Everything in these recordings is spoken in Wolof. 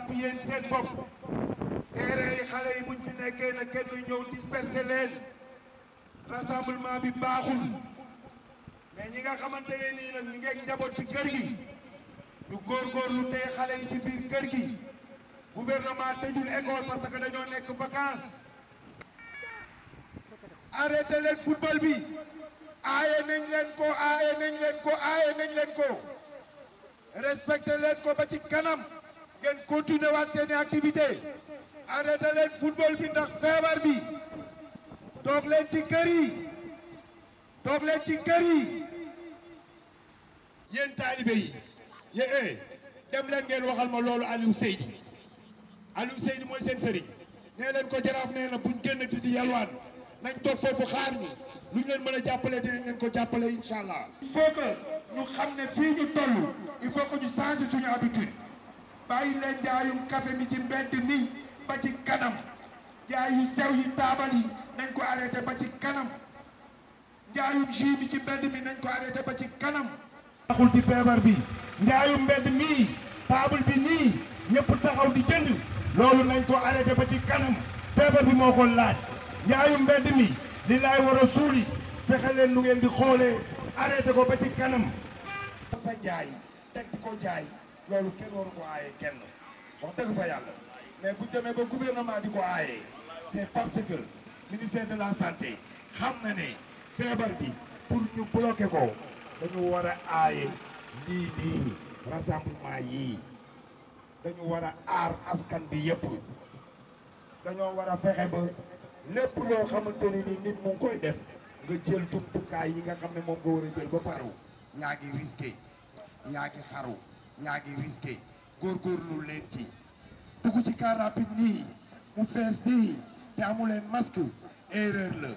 jàpp yéen seen bopp terrain yi xale yi buñ fi nekkee na kenn ñëw disperser leen rassemblement bi baaxul mais ñi nga xamante ne nii nag ñu ngeeg njaboot ci kër gi góor góorgóorlu tey xale yi ci biir kër gi gouvernement tëjul école parce que dañoo nekk vacances arrêté leen football bi aaye nañ leen ko aaye nañ leen ko aaye nañ leen ko respecté ci kanam ngeen continuer waat seeni activité arrêté leen football bi ndax feebar bi toog leen ci kër yi toog ci kër yi yéen taalibe yi yéen eh, dem leen ngeen waxal ma loolu Aliou Seydi Aliou Seydi mooy seen sëriñ nee leen ko jaraaf nee na buñ génn ti di yalwaan nañ toog foofu xaar ñi lu ñu leen mën a jàppale dinañ leen ko jàppale incha allah. il faut xam ne fii ñu toll il faut que ñu changer suñu habitude. bàyyi leen jaayum café mi ci mbedd mi ba ci kanam jaay yu sew yi nañ ko arrêté ba ci kanam njaayum jus mi ci mbedd mi nañ ko arrêté ba ci kanam taxul ci feebar bi njaayum mbedd mii taabal bi nii ñëpp taxaw di jënd loolu nañ ko arrêté ba ci kanam feebar bi moo ko laaj njaayum mbedd mi li laay war a suuli fexe leen lu ngeen di xoolee arrêté ko ba ci kanam sa jaay teg di ko jaay loolu kenn waru ko aaye kenn wax dëgg fa yàlla mais bu jëmee ba gouvernement di ko aaye c'est parce que ministère de la santé xam na ne feebar bi pour ñu bloquer ko dañu war a aaye lii lii rassemblement yii dañu war a aar askan bi yëpp dañoo war a fexe ba lépp loo xamante ni ni nit mu koy def nga jël jumtukaay yi nga xam ne moom nga war a jël ba pare yaa ngi risqué yaa ngi xaru yaa ngi risqué góorgóorlu leen ci dugg ci car rapide nii mu fees nii te amu leen masque erreur la.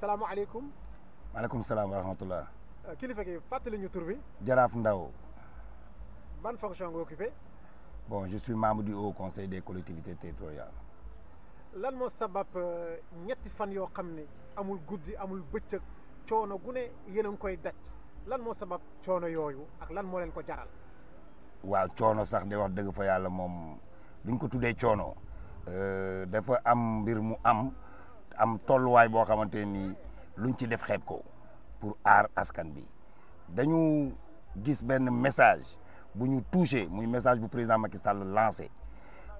salaamaaleykum. maaleykum salaam wa rahmatulah. Euh, kilifa gi fàttali ñu tur bi. Jaraaf Ndaw. ban fonction nga occupé. bon je suis membre du haut conseil des collectivités territoriales. lan moo sabab euh, ñetti fan yoo xam ne amul guddi amul bëccëg coono gu ne a ngi koy daj lan moo sabab coono yooyu ak lan moo leen ko jaral. waaw coono sax de wax dëgg fa yàlla moom duñ ko tuddee coono euh, dafa am mbir mu am am tolluwaay boo xamante lu luñ ci def xeeb ko pour aar askan bi dañu gis benn message bu ñu touché muy message bu président Macky Sall lancé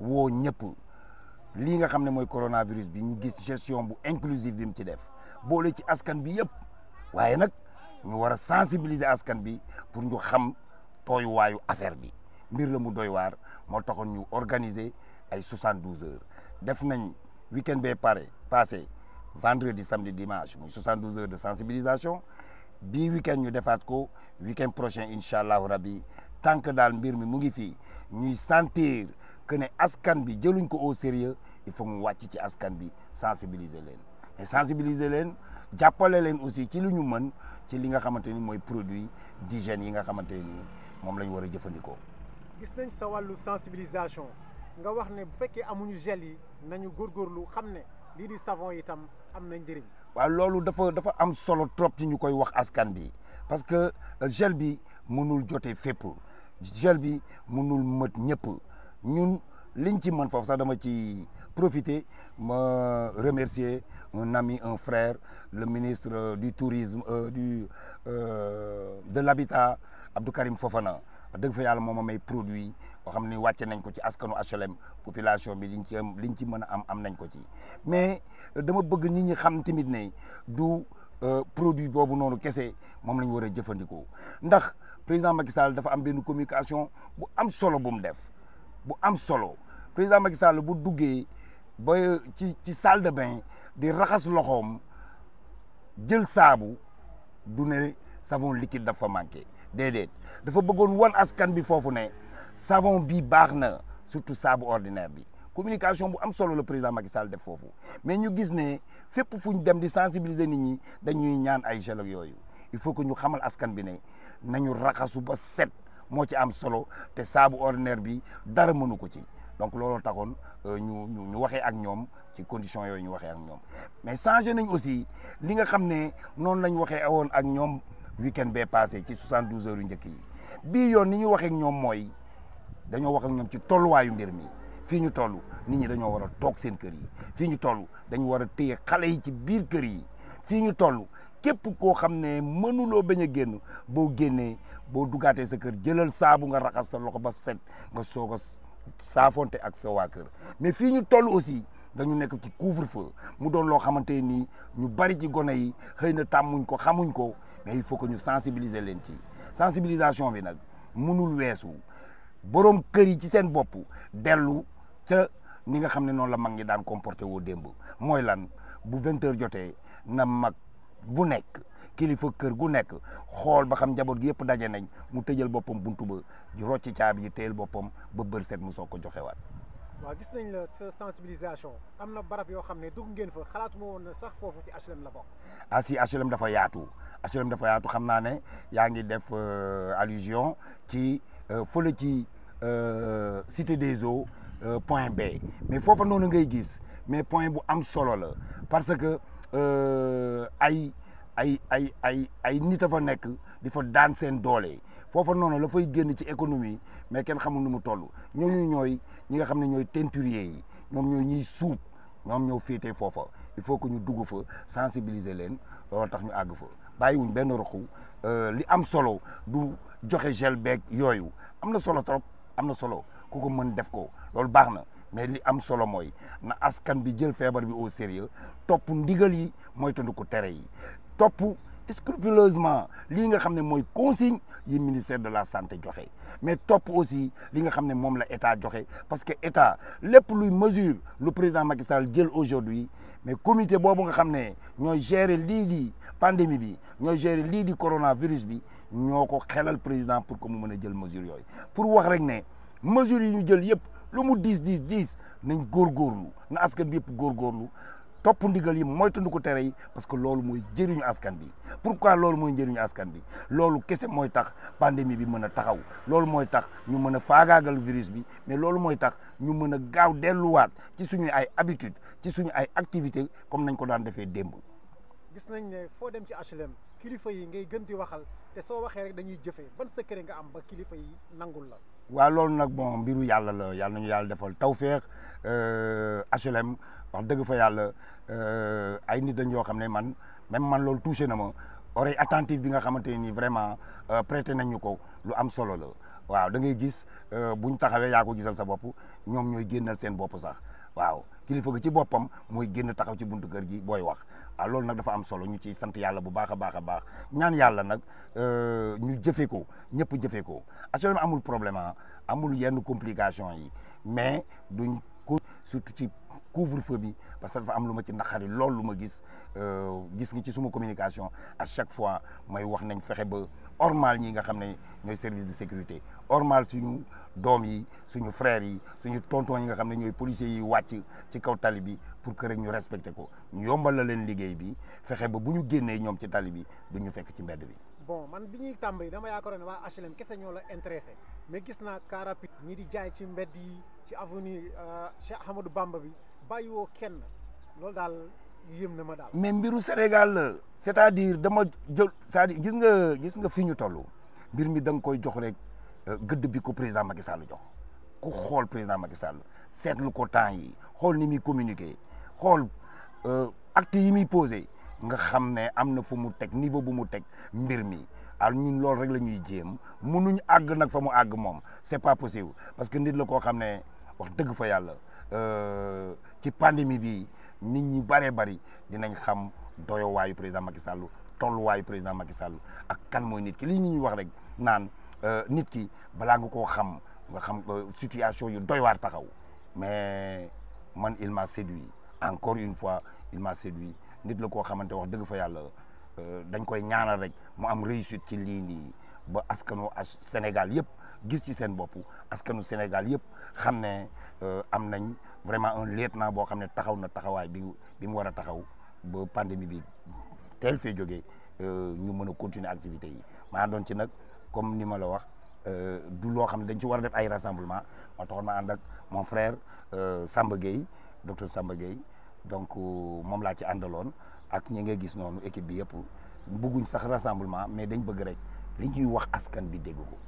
woo ñëpp lii nga xam ne mooy coronavirus bi ñu gis gestion bu inclusive bi mu ci def boole ci askan bi yëpp waaye nag ñu war a askan bi pour ñu xam. tooyuwaayu affaire bi mbir la mu doy waar moo taxoon ñu organiser ay 72 heures def nañ week-end bee pare passé vendredi samedi dimanche muy 72 heures de sensibilisation bi week-end ñu defaat ko week-end prochain incha allahu rabbi tant que daal mbir mi mu ngi fii ñuy sentir que ne askan bi jëluñ ko au sérieux il faut mu wàcc ci askan bi sensibiliser leen et sensibiliser leen jàppale leen aussi ci lu ñu mën ci li nga xamante ni mooy produit d'hygiène yi nga xamante ni moom la ñu war a jëfandikoo. gis nañ sa wàllu sensibilisation nga wax ne bu fekkee amuñu gel yi nañu góorgóorlu xam ne lii di savon itam am na njëriñ. waaw loolu dafa dafa am solo trop ci ñu koy wax askan bi parce que euh, gel bi mënul jote fépp gel bi mënul mët ñëpp ñun liñ ci mën foofu sax dama ci profiter ma remercier un ami un frère le ministre du tourisme euh, du euh, de l'habitat Abdou Karim Fofana wax dëgg fa yàlla moo ma may produit boo xam ne wàcce nañ ko ci askanu HLM population bi liñ ci am liñ ci mën a am am nañ ko ci mais euh, dama bëgg nit ñi xam tamit ne du euh, produit boobu noonu kese moom la ñu war a jëfandikoo ndax président Macky Sall dafa am benn communication bu am solo bu mu def bu am solo président Macky Sall bu duggee ba ci ci salle de bain di raxas loxoom jël saabu du ne savon liquide dafa manqué. déedéet dafa bëggoon wan askan bi foofu ne savon bi baax na surtout saabu ordinaire bi communication bu am solo le président Macky Sall def foofu mais ñu gis ne fépp fu ñu dem di sensibiliser nit ñi dañuy ñaan ay gel yooyu il faut que ñu xamal askan bi ne nañu raxasu ba set moo ci am solo te saabu ordinaire bi dara mënu ko ci donc looloo taxoon euh, ñu ñu waxee ak ñoom ci condition yooyu ñu waxee ak ñoom mais changé nañ aussi li nga xam ne noonu lañ waxee awoon ak ñoom weekend bee passé ci 72 heures yu njëkk yi bii yoon ni ñu waxee ak ñoom mooy dañoo wax ak ñoom ci tolluwaayu mbir mi fii ñu toll nit ñi dañoo war a toog seen kër yi fii ñu toll dañu war a téye xale yi ci biir kër yi fii ñu toll képp koo xam ne mënuloo bañ a génn boo génnee boo dugaatee sa kër jëlal saabu nga raxas sa loxo ba set nga soog a saafonte ak sa waa kër mais fii ñu toll aussi dañu nekk ci couvre-feu mu doon loo xamante nii ñu bari ci gone yi xëy na tàmmuñ ko xamuñ ko mais il faut que ñu sensibiliser leen ci sensibilisation bi nag mënul weesu boroom kër yi ci seen bopp dellu ca ni nga xam ne noonu la mag ñi daan comporté woo démb mooy lan bu vingt jotee na mag bu nekk kilifa kër gu nekk xool ba xam njaboot gi yëpp daje nañ mu tëjël boppam bunt ba rocci caabi ji téyel boppam ba bër set mu soo ko joxewaat waaw gis nañ la sa sensibilisation am na barab yoo xam ne dugg ngeen fa xalaatuma woon na sax foofu ci HLM la bokk. ah dafa yaatu HLM dafa yaatu xam naa ne yaa ngi def euh, allusion ci euh, fële ci euh, cité des eaux point B mais foofa noonu ngay gis mais point bu am solo la parce que ay ay ay ay ay nit a fa nekk di fa daan seen doole foofa noonu la fay génn ci économie mais kenn xamul nu mu toll ñooñu ñooy ñi nga xam ne ñooy teinturier yi ñoom ñooy ñiy suub ñoom ñoo féetee foofa il faut que ñu dugg fa sensibiliser leen loolu tax ñu àgg fa. bàyyiwuñ benn ruqu euh, li am solo du joxe gel beeg yooyu am na solo trop am na solo ku ko mën def ko loolu baax na mais li am solo mooy na askan bi jël feebar bi au sérieux topp ndigal yi mooy tondu ko tere yi topp scrupuleusement lii nga xam ne mooy consigne yi ministère de la santé joxe mais topp aussi li nga xam ne moom la état joxe parce que état lépp luy mesure lu président Macky Sall jël aujourd'hui mais comité boobu nga xam ne ñooy gérer lii di pandémie bi ñooy gérer lii di coronavirus bi ñoo ko xelal président pour que mu mën a jël mesure yooy pour wax rek ne mesures yi ñu jël yëpp lu mu diis diis diis nañ góorgóorlu na askan bi yëpp góorgóorlu topp ndigal yi mooy tund ko tere yi parce que loolu mooy jëriñu askan bi pour pourquoi loolu mooy njëriñu askan bi loolu kese mooy tax pandémie bi mën a taxaw loolu mooy tax ñu mën a faagaagal virus bi mais loolu mooy tax ñu mën a gaaw delluwaat ci suñu ay habitude ci suñu ay activité comme nañ ko daan defee démb gis nañ ne foo dem ci HLM kilifa yi ngay gën di waxal te soo waxee rek dañuy jëfee ban secret nga am ba kilifa yi nangul la. waa loolu nag bon mbiru yàlla la yàlla nañu yàlla defal tawféex euh, HLM wax dëgg fa yàlla euh, ay nit dañ yoo xam ne man même man loolu touché na ma oreille attentive bi nga xamante nii vraiment euh, prêté nañu ko lu am solo la. waaw da ngay gis euh, buñ taxawee yaa ko gisal sa bopp ñoom ñooy génnal seen bopp sax waaw kilifa gi ci boppam mooy génn taxaw ci buntu kër gi booy wax waaw ah, loolu nag dafa am solo ñu ciy sant yàlla bu baax a baax a baax ñaan yàlla nag euh, ñu jëfee ko ñëpp jëfee ko assurément amul problème ah, amul yenn complication yi mais duñ ko surtout ci couvre-feu bi parce que dafa am lu ma ci naqari loolu lu ma gis euh, gis nga ci suma communication à chaque fois may wax nañ fexe ba. ormal ñi nga xam ne ñooy service de sécurité ormal suñu doom yi suñu frères yi suñu tonton yi nga xam ne ñooy policiers yi wàcc ci kaw tali bi pour kër rek ñu respecté ko ñu yombal la leen liggéey bi fexe ba bu ñu génnee ñoom ci tali bi du ñu fekk ci mbedd bi. bon man bi ñuy tàmbali dama yaakaaroon ne waa HLM kese ñoo la intéressé mais gis naa car rapide ñi di jaay ci mbedd yi ci avenue euh, Cheikh Ahmadou Bamba bi bàyyiwoo kenn loolu daal. yëm na ma mais mbiru Sénégal c'est-à-dire dama jël cest dire gis nga gis nga fi ñu toll mbir mi da nga koy jox rek euh, gëdd bi ko président Macky Sall jox ku xool président Macky Sall seetlu ko temps yi xool ni muy communiquer xool euh, acte yi muy posé nga xam ne am na fu mu teg niveau bu mu teg mbir mi al ñu loolu rek la ñuy jéem nu ñu àgg nag fa mu àgg moom c'est pas possible parce que nit la koo xam ne wax dëgg fa yàlla euh, ci pandémie bi nit ñi bëree bëri dinañ xam doyowaayu président Macky Sall tolluwaayu président Macky Sall ak kan mooy nit ki li ñuy wax rek naan euh, nit ki balaa nga koo xam nga xam euh, situation yu doy waar taxaw mais man il m'a séduit encore une fois il m'a séduit nit la koo xamante wax dëgg fa yàlla euh, dañ koy ñaanal rek mu am réussite ci li nii ba askanu a Sénégal yëpp gis ci seen bopp askanu Sénégal yëpp xam ne euh, am nañ vraiment un lieutenant boo xam ne taxaw na taxawaay bi bi mu war a taxaw ba pandémie bi teel fee jógee euh, ñu mën a continuer activité yi maa doon ci nag comme ni ma la wax euh, du loo xam ne dañ ci war a def ay rassemblement ma taxoon ma ànd ak mon frère Samba Gueye docteur Samba donc moom laa ci àndaloon ak ñi nga gis noonu équipe bi yëpp bugguñ sax rassemblement mais dañ bëgg rek li ñuy wax askan bi dégg ko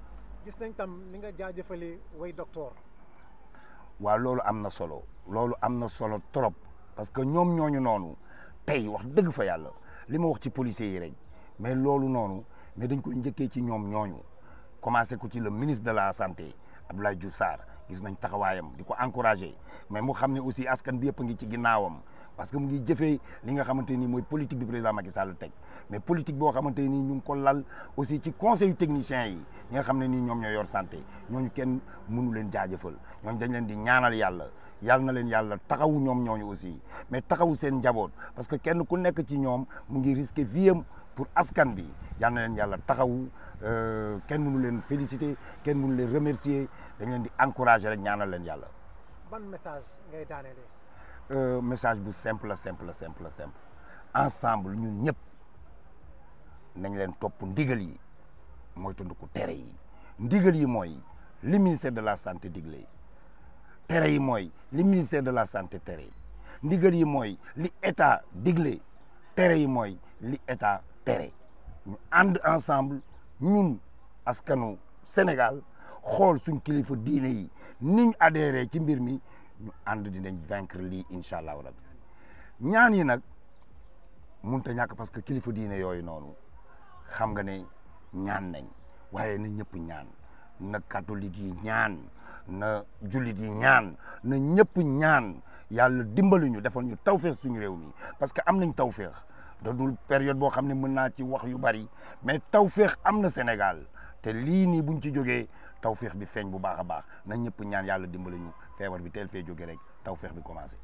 gis nañ tam ni nga jaajëfalee way docteur. waaw loolu am na solo loolu am na solo trop parce que ñoom ñooñu noonu tey wax dëgg fa yàlla li ma wax ci policier yi rek mais loolu noonu mais dañ koy njëkkee ci ñoom ñooñu commencé ko ci le ministre de la santé Abdoulaye Diouf Sarr gis nañ taxawaayam di ko encouragé mais mu xam ne aussi askan bi yëpp a ngi ci ginnaawam. parce que mu ngi jëfee li nga xamante ni mooy politique bi président Macky Sall teg mais politique boo xamante ni ñu ngi ko lal aussi ci conseil technicien yi ñi nga xam ne nii ñoom ñoo yor santé ñooñu kenn mënu leen jaajëfal ñooñu dañ leen di ñaanal yàlla yàlla na leen yàlla taxawu ñoom ñooñu aussi mais taxawu seen njaboot parce que kenn ku nekk ci ñoom mu ngi risqué vie am pour askan bi yàlla na leen yàlla taxawu euh, kenn mënu leen féliciter kenn munu leen remercier dañ leen di encourager rek ñaanal leen yàlla. Euh, message bu simple simple simple simple ensemble ñun ñëpp nañ leen topp ndigal yi mooy tund ko tere yi ndigal yi mooy li ministère de la santé diglé tere yi mooy li ministère de la santé tere yi yi mooy li état digle tere yi mooy li état tere ñu ànd ensemble ñun askanu Sénégal xool suñ kilifa diine yi niñ adhéré ci mbir mi ñu ànd dinañ vaincre lii incha allahu rabbi ñaan yi nag munta ñàkk parce que kilifa diine yooyu noonu xam nga ne ñaan nañ waaye na ñëpp ñaan na catholique yi ñaan na jullit yi ñaan na ñëpp ñaan yàlla dimbali ñu defal ñu tawféex suñu réew mi parce que am nañ tawféex da dul période boo xam ne mën naa ci wax yu bari mais tawféex am na Sénégal te lii nii buñ ci jógee tawféex bi feeñ bu baax a baax na ñëpp ñaan yàlla dimbali ñu feebar bi teel fee jóge rek taw feex bi commencé